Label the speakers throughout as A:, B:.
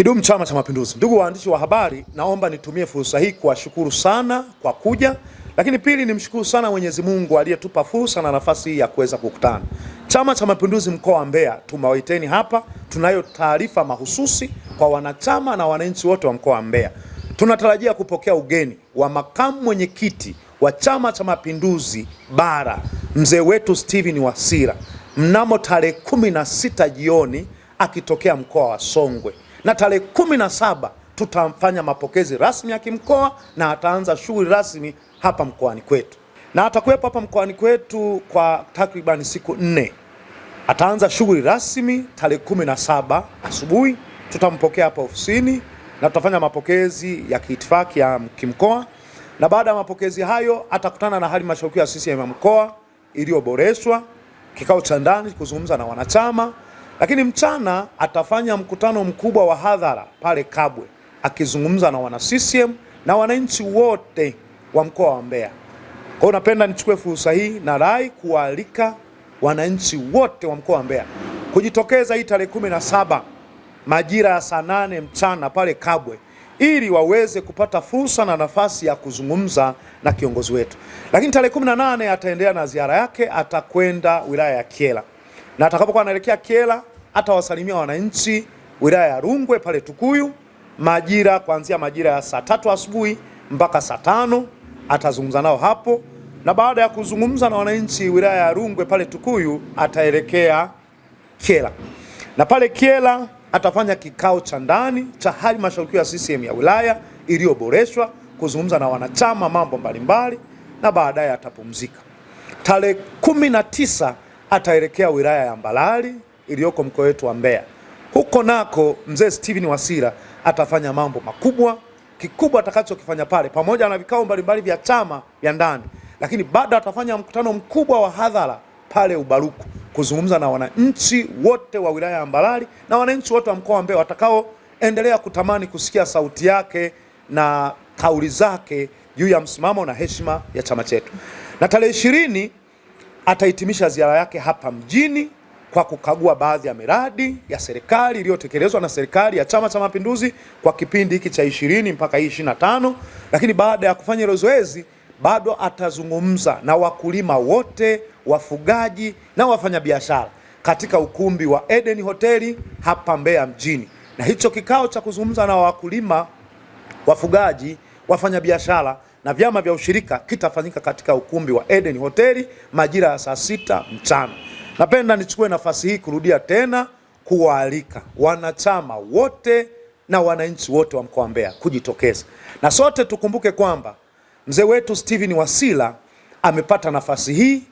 A: Kidumu Chama cha Mapinduzi! Ndugu waandishi wa habari, naomba nitumie fursa hii kuwashukuru sana kwa kuja, lakini pili nimshukuru sana Mwenyezi Mungu aliyetupa fursa na nafasi hii ya kuweza kukutana. Chama cha Mapinduzi mkoa wa Mbeya tumewaiteni hapa, tunayo taarifa mahususi kwa wanachama na wananchi wote wa mkoa wa Mbeya. Tunatarajia kupokea ugeni wa makamu mwenyekiti wa Chama cha Mapinduzi bara mzee wetu Steven Wasira mnamo tarehe kumi na sita jioni akitokea mkoa wa Songwe na tarehe kumi na saba tutafanya mapokezi rasmi ya kimkoa na ataanza shughuli rasmi hapa mkoani kwetu, na atakuwepo hapa mkoani kwetu kwa takribani siku nne. Ataanza shughuli rasmi tarehe kumi na saba asubuhi, tutampokea hapa ofisini na tutafanya mapokezi ya kiitifaki ya kimkoa, na baada ya mapokezi hayo atakutana na halmashauri ya CCM ya mkoa iliyoboreshwa, kikao cha ndani kuzungumza na wanachama lakini mchana atafanya mkutano mkubwa wa hadhara pale Kabwe akizungumza na wana CCM na wananchi wote wa mkoa wa Mbeya. Kwa hiyo napenda nichukue fursa hii na rai kuwaalika wananchi wote wa mkoa wa Mbeya kujitokeza hii tarehe kumi na saba majira ya saa nane mchana pale Kabwe ili waweze kupata fursa na nafasi ya kuzungumza na kiongozi wetu. Lakini tarehe kumi na nane ataendelea na ziara yake, atakwenda wilaya ya Kyela na atakapokuwa anaelekea Kyela atawasalimia wananchi wilaya ya Rungwe pale Tukuyu majira kuanzia majira ya saa tatu asubuhi mpaka saa tano atazungumza nao hapo, na baada ya kuzungumza na wananchi wilaya ya Rungwe pale Tukuyu ataelekea Kyela na pale Kyela atafanya kikao cha ndani cha halmashauri ya CCM ya wilaya iliyoboreshwa kuzungumza na wanachama mambo mbalimbali, na baadaye atapumzika tarehe kumi na tisa ataelekea wilaya ya Mbalali iliyoko mkoa wetu wa Mbeya. Huko nako mzee Steven Wasira atafanya mambo makubwa. Kikubwa atakachokifanya pale, pamoja na vikao mbalimbali vya chama vya ndani, lakini bado atafanya mkutano mkubwa wa hadhara pale Ubaruku kuzungumza na wananchi wote wa wilaya ya Mbalali na wananchi wote wa mkoa wa Mbeya watakaoendelea kutamani kusikia sauti yake na kauli zake juu ya msimamo na heshima ya chama chetu. Na tarehe ishirini atahitimisha ziara yake hapa mjini kwa kukagua baadhi ya miradi ya serikali iliyotekelezwa na serikali ya Chama cha Mapinduzi kwa kipindi hiki cha ishirini mpaka hii ishirini na tano. Lakini baada ya kufanya hilo zoezi, bado atazungumza na wakulima wote, wafugaji na wafanyabiashara katika ukumbi wa Eden Hoteli hapa Mbeya mjini, na hicho kikao cha kuzungumza na wakulima, wafugaji, wafanyabiashara na vyama vya ushirika kitafanyika katika ukumbi wa Eden Hoteli majira ya saa sita mchana. Napenda nichukue nafasi hii kurudia tena kuwaalika wanachama wote na wananchi wote wa mkoa wa Mbeya kujitokeza, na sote tukumbuke kwamba mzee wetu Steven Wasila amepata nafasi hii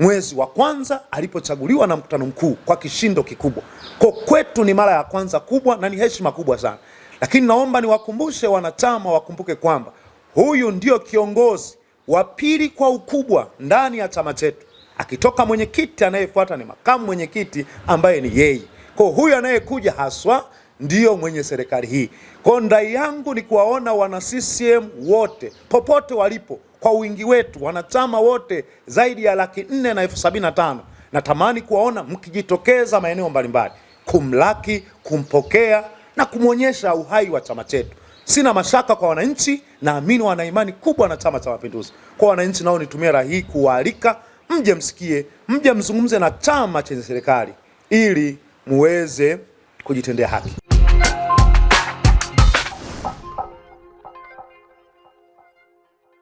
A: mwezi wa kwanza alipochaguliwa na mkutano mkuu kwa kishindo kikubwa. Kwa kwetu ni mara ya kwanza kubwa na ni heshima kubwa sana, lakini naomba niwakumbushe wanachama wakumbuke kwamba Huyu ndio kiongozi wa pili kwa ukubwa ndani ya chama chetu. Akitoka mwenyekiti, anayefuata ni makamu mwenyekiti ambaye ni yeye. Kwa huyu anayekuja haswa ndiyo mwenye serikali hii. Kwa ndai yangu ni kuwaona wana CCM wote popote walipo kwa wingi wetu, wanachama wote zaidi ya laki nne na elfu sabini na tano natamani kuwaona mkijitokeza maeneo mbalimbali kumlaki, kumpokea na kumwonyesha uhai wa chama chetu. Sina mashaka kwa wananchi, naamini wana imani kubwa na Chama cha Mapinduzi. Kwa wananchi nao nitumie raha hii kuwaalika mje msikie, mje mzungumze na chama chenye serikali ili muweze kujitendea haki.